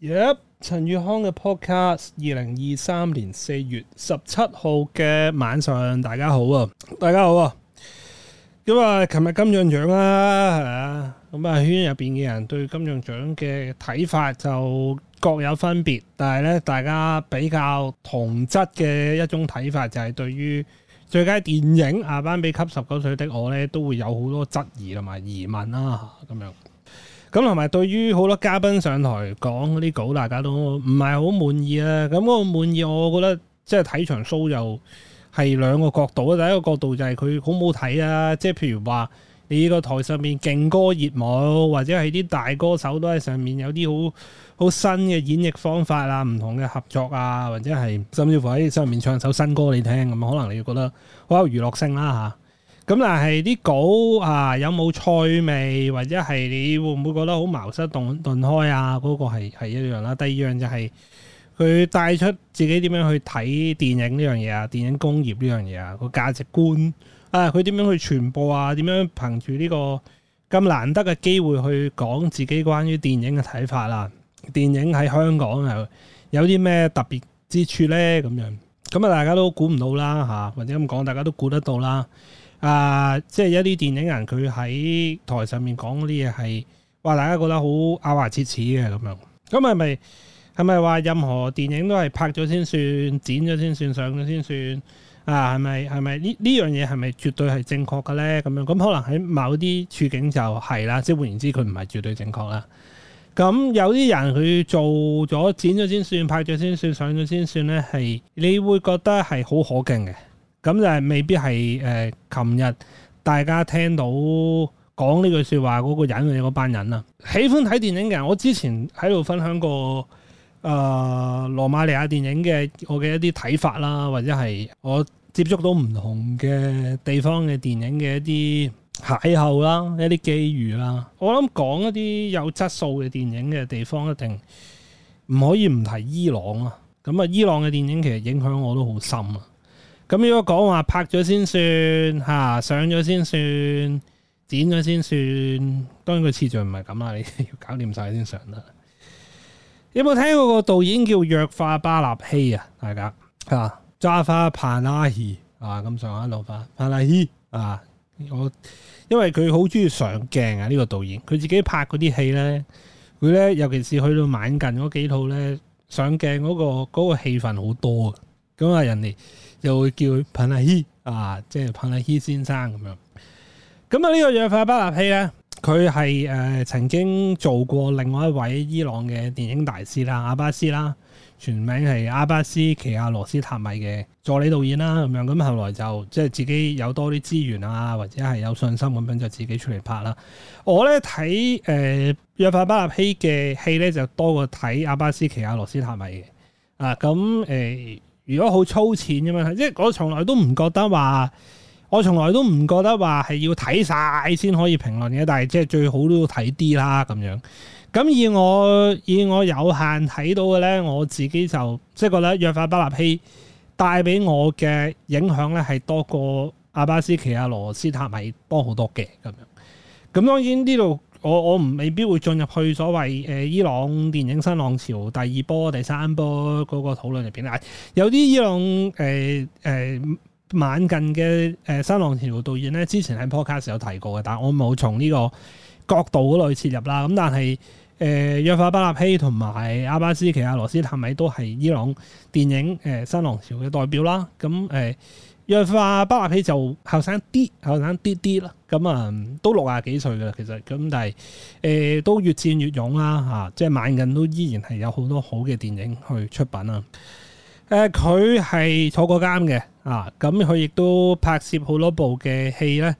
Yep，陳宇康嘅 Podcast，二零二三年四月十七號嘅晚上，大家好啊，大家好啊。咁、嗯、啊，琴日金像獎啦，係啊，咁啊，圈入邊嘅人對金像獎嘅睇法就各有分別，但係咧，大家比較同質嘅一種睇法就係對於最佳電影啊，頒俾《給十九歲的我咧，都會有好多質疑同埋疑問啦、啊，咁樣。咁同埋，對於好多嘉賓上台講嗰啲稿，大家都唔係好滿意啦。咁、那、嗰個滿意，我覺得即係睇場 show 就係兩個角度啦。第一個角度就係佢好唔好睇啦。即係譬如話，你個台上面勁歌熱舞，或者係啲大歌手都喺上面有啲好好新嘅演繹方法啊，唔同嘅合作啊，或者係甚至乎喺上面唱首新歌，你聽，咁可能你會覺得好有娛樂性啦嚇。咁但係啲稿啊，有冇趣味，或者係你會唔會覺得好茅塞頓頓開啊？嗰、那個係係一樣啦。第二樣就係佢帶出自己點樣去睇電影呢樣嘢，啊，電影工業呢樣嘢啊，個價值觀啊，佢點樣去傳播啊？點樣憑住呢個咁難得嘅機會去講自己關於電影嘅睇法啦、啊？電影喺香港又有啲咩特別之處呢？咁樣咁啊，大家都估唔到啦吓、啊，或者咁講，大家都估得到啦。啊！即係一啲電影人佢喺台上面講嗰啲嘢，係哇，大家覺得好咬牙切齒嘅咁樣。咁係咪係咪話任何電影都係拍咗先算，剪咗先算，上咗先算？啊，係咪係咪呢呢樣嘢係咪絕對係正確嘅咧？咁樣咁可能喺某啲處境就係啦。即係換言之，佢唔係絕對正確啦。咁有啲人佢做咗剪咗先算，拍咗先算，上咗先算咧，係你會覺得係好可敬嘅。咁就係未必係誒，琴、呃、日大家聽到講呢句說話嗰、那個人或者嗰班人啦。喜歡睇電影嘅人，我之前喺度分享過誒羅、呃、馬尼亞電影嘅我嘅一啲睇法啦，或者係我接觸到唔同嘅地方嘅電影嘅一啲邂逅啦，一啲機遇啦。我諗講一啲有質素嘅電影嘅地方，一定唔可以唔提伊朗啊。咁、嗯、啊，伊朗嘅電影其實影響我都好深啊。咁如果講話拍咗先算，吓、啊、上咗先算，剪咗先算，當然個次序唔係咁啊，你要搞掂晒先上得。有冇聽過個導演叫約化巴納希啊？大家吓扎法帕拉希啊，咁、啊 Pan 啊、上一老花帕拉希啊，我因為佢好中意上鏡啊，呢、這個導演佢自己拍嗰啲戲咧，佢咧尤其是去到晚近嗰幾套咧，上鏡嗰、那個嗰、那個氣氛好多。咁啊，人哋又會叫彭立希啊，即係彭立希先生咁樣。咁啊、這個，呢個約化巴納希咧，佢係誒曾經做過另外一位伊朗嘅電影大師啦，阿巴斯啦，全名係阿巴斯奇亞羅斯塔米嘅助理導演啦，咁樣。咁後來就即係自己有多啲資源啊，或者係有信心咁樣，就自己出嚟拍啦。我咧睇誒約化巴納希嘅戲咧，就多過睇阿巴斯奇亞羅斯塔米嘅。啊，咁誒。呃如果好粗淺咁樣，即係我從來都唔覺得話，我從來都唔覺得話係要睇晒先可以評論嘅。但係即係最好都要睇啲啦咁樣。咁以我以我有限睇到嘅呢，我自己就即係覺得約化巴納希帶俾我嘅影響呢，係多過阿巴斯奇阿羅斯塔米多好多嘅咁樣。咁當然呢度。我我唔未必會進入去所謂誒伊朗電影新浪潮第二波、第三波嗰個討論入邊啦。有啲伊朗誒誒、呃呃、晚近嘅誒新浪潮導演咧，之前喺 podcast 有提過嘅，但我冇從呢個角度嗰度切入啦。咁但係誒、呃、約法巴納希同埋阿巴斯奇阿羅斯坦米都係伊朗電影誒新浪潮嘅代表啦。咁、嗯、誒。呃約化包拿皮就後生啲，後生啲啲啦，咁啊都六廿幾歲嘅其實，咁但係、呃、都越戰越勇啦、啊、即係晚近都依然係有好多好嘅電影去出品啊！誒佢係坐過監嘅啊，咁佢亦都拍攝好多部嘅戲咧，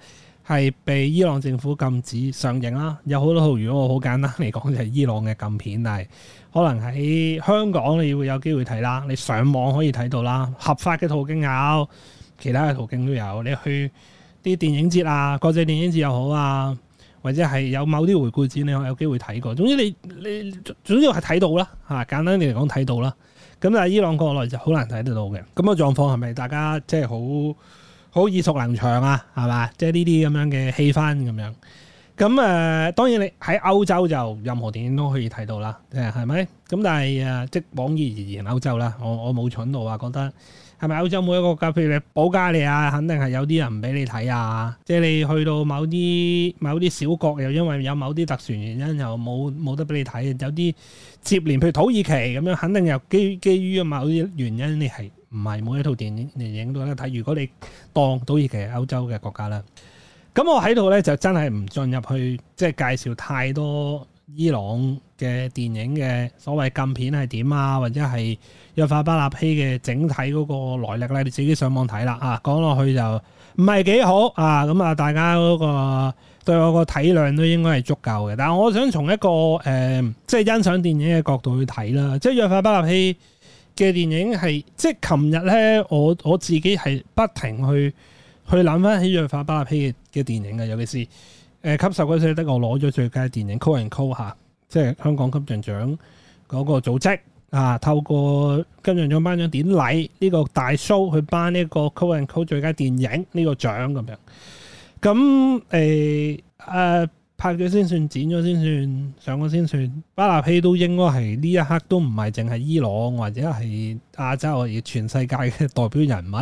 係被伊朗政府禁止上映啦。有好多套，如果我好簡單嚟講，就係、是、伊朗嘅禁片，但係可能喺香港你會有機會睇啦，你上網可以睇到啦，合法嘅途徑有。其他嘅途徑都有，你去啲電影節啊，國際電影節又好啊，或者係有某啲回顧展，你有機會睇過。總之你你總之係睇到啦，嚇、啊、簡單啲嚟講睇到啦。咁但係伊朗國內就好難睇得到嘅。咁、那、嘅、個、狀況係咪大家即係好好耳熟能詳啊？係嘛？即係呢啲咁樣嘅氣氛咁樣。咁誒、呃、當然你喺歐洲就任何電影都可以睇到啦，誒係咪？咁但係誒即是往而言歐洲啦，我我冇蠢到啊，覺得。係咪歐洲每一個國家？譬如你保加利亞，肯定係有啲人唔俾你睇啊！即係你去到某啲某啲小國，又因為有某啲特殊原因又沒，又冇冇得俾你睇。有啲接連，譬如土耳其咁樣，肯定又基於基於啊嘛，某啲原因你係唔係每一套電影電影都得睇？如果你當土耳其係歐洲嘅國家咧，咁我喺度呢，就真係唔進入去，即係介紹太多。伊朗嘅電影嘅所謂禁片係點啊，或者係約化巴納希嘅整體嗰個來歷咧，你自己上網睇啦啊！講落去就唔係幾好啊，咁啊大家嗰個對我個體諒都應該係足夠嘅。但係我想從一個誒、呃，即係欣賞電影嘅角度去睇啦，即係約化巴納希嘅電影係，即係琴日咧，我我自己係不停去去諗翻起約化巴納希嘅電影嘅，尤其是。誒，吸收嗰時得我攞咗最佳電影 Coco 吓， 即係香港金像獎嗰個組織啊，透過金像獎頒獎典禮呢個大 show 去頒呢個 Coco 最佳電影呢個獎咁樣。咁誒誒拍咗先算，剪咗先算，上咗先算。巴拿希都應該係呢一刻都唔係淨係伊朗或者係亞洲而全世界嘅代表人物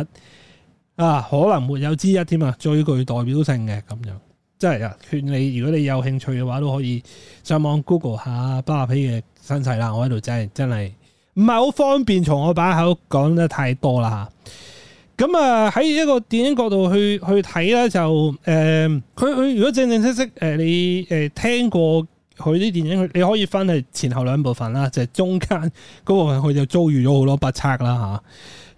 啊，可能沒有之一添啊，最具代表性嘅咁樣。真係啊！勸你，如果你有興趣嘅話，都可以上網 Google 下巴馬皮嘅身世啦。我喺度真係真係唔係好方便，從我把口講得太多啦嚇。咁啊，喺一個電影角度去去睇咧，就誒，佢、呃、佢如果正正式式、呃、你誒、呃、聽過。佢啲電影，佢你可以分係前後兩部分啦，就係、是、中間嗰部分，佢就遭遇咗好多不測啦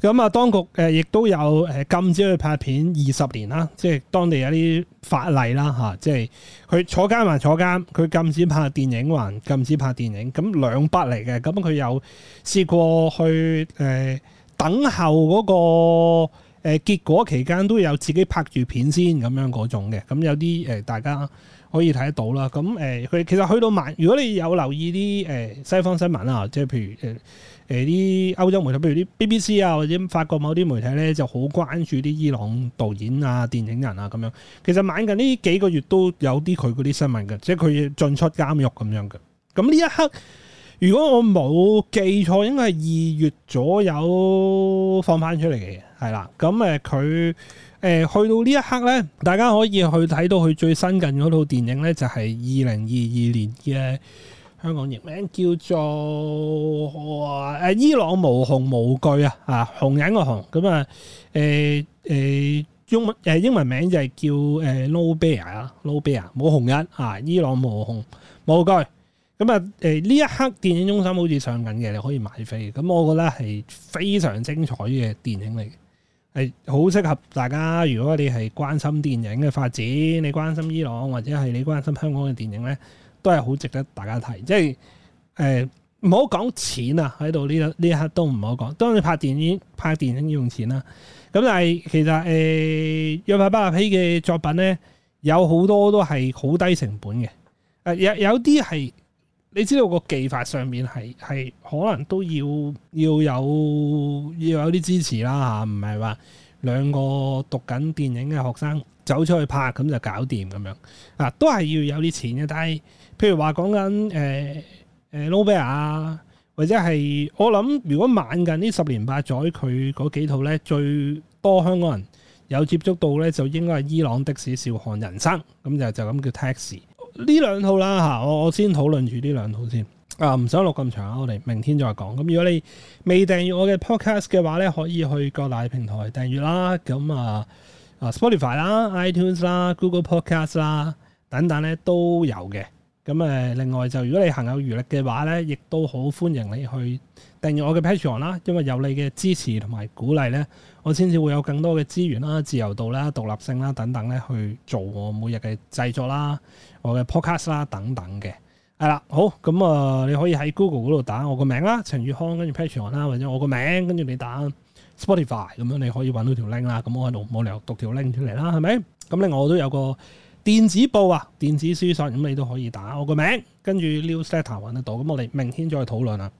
嚇咁啊，啊，當局亦、呃、都有禁止佢拍片二十年啦、啊，即係當地有啲法例啦、啊、即係佢坐監還坐監，佢禁止拍電影還禁止拍電影，咁兩筆嚟嘅。咁佢有試過去、呃、等候嗰個結果期間，都有自己拍住片先咁樣嗰種嘅。咁有啲、呃、大家。可以睇得到啦，咁誒佢其實去到晚，如果你有留意啲誒西方新聞啊，即係譬如誒誒啲歐洲媒體，譬如啲 BBC 啊或者法國某啲媒體咧，就好關注啲伊朗導演啊、電影人啊咁樣。其實晚近呢幾個月都有啲佢嗰啲新聞嘅，即係佢要進出監獄咁樣嘅。咁呢一刻，如果我冇記錯，應該係二月左右放翻出嚟嘅，係啦。咁誒佢。誒去到呢一刻咧，大家可以去睇到佢最新近嗰套電影咧，就係二零二二年嘅香港譯名叫做誒伊朗無熊無懼啊，嚇熊人個熊咁啊英文、啊、英文名就係叫誒 No Bear 啊，No Bear 冇熊人啊，伊朗無熊無懼咁啊呢一刻電影中心好似上緊嘅，你可以買飛，咁我覺得係非常精彩嘅電影嚟。係好適合大家，如果你係關心電影嘅發展，你關心伊朗或者係你關心香港嘅電影咧，都係好值得大家睇。即係誒，唔好講錢啊，喺度呢一呢一刻都唔好講。當你拍電影，拍電影要用錢啦。咁但係其實誒、呃，約化巴納希嘅作品咧，有好多都係好低成本嘅。誒，有有啲係。你知道個技法上面係係可能都要要有要有啲支持啦嚇，唔係話兩個讀緊電影嘅學生走出去拍咁就搞掂咁樣啊，都係要有啲錢嘅。但係譬如話講緊誒誒老咩啊，或者係我諗，如果晚近呢十年八載，佢嗰幾套咧最多香港人有接觸到咧，就應該係伊朗的士笑看人生咁就就咁叫 Taxi。呢兩套啦嚇，我我先討論住呢兩套先啊，唔想錄咁長啊，我哋明天再講。咁如果你未訂閱我嘅 podcast 嘅話咧，可以去各大平台訂閱啦。咁啊啊 Spotify 啦、iTunes 啦、Google Podcast 啦等等咧都有嘅。咁誒，另外就如果你行有餘力嘅話咧，亦都好歡迎你去訂閱我嘅 Patreon 啦。因為有你嘅支持同埋鼓勵咧，我先至會有更多嘅資源啦、自由度啦、獨立性啦等等咧，去做我每日嘅製作啦、我嘅 podcast 啦等等嘅。係啦，好，咁啊，你可以喺 Google 嗰度打我個名啦，陳宇康，跟住 Patreon 啦，或者我個名跟住你打 Spotify 咁樣，你可以揾到條 link 啦。咁我喺度冇理由讀條 link 出嚟啦，係咪？咁另外，我都有個。電子報啊，電子書上咁你都可以打我個名，跟住 newsletter 揾得到，咁我哋明天再去討論啦。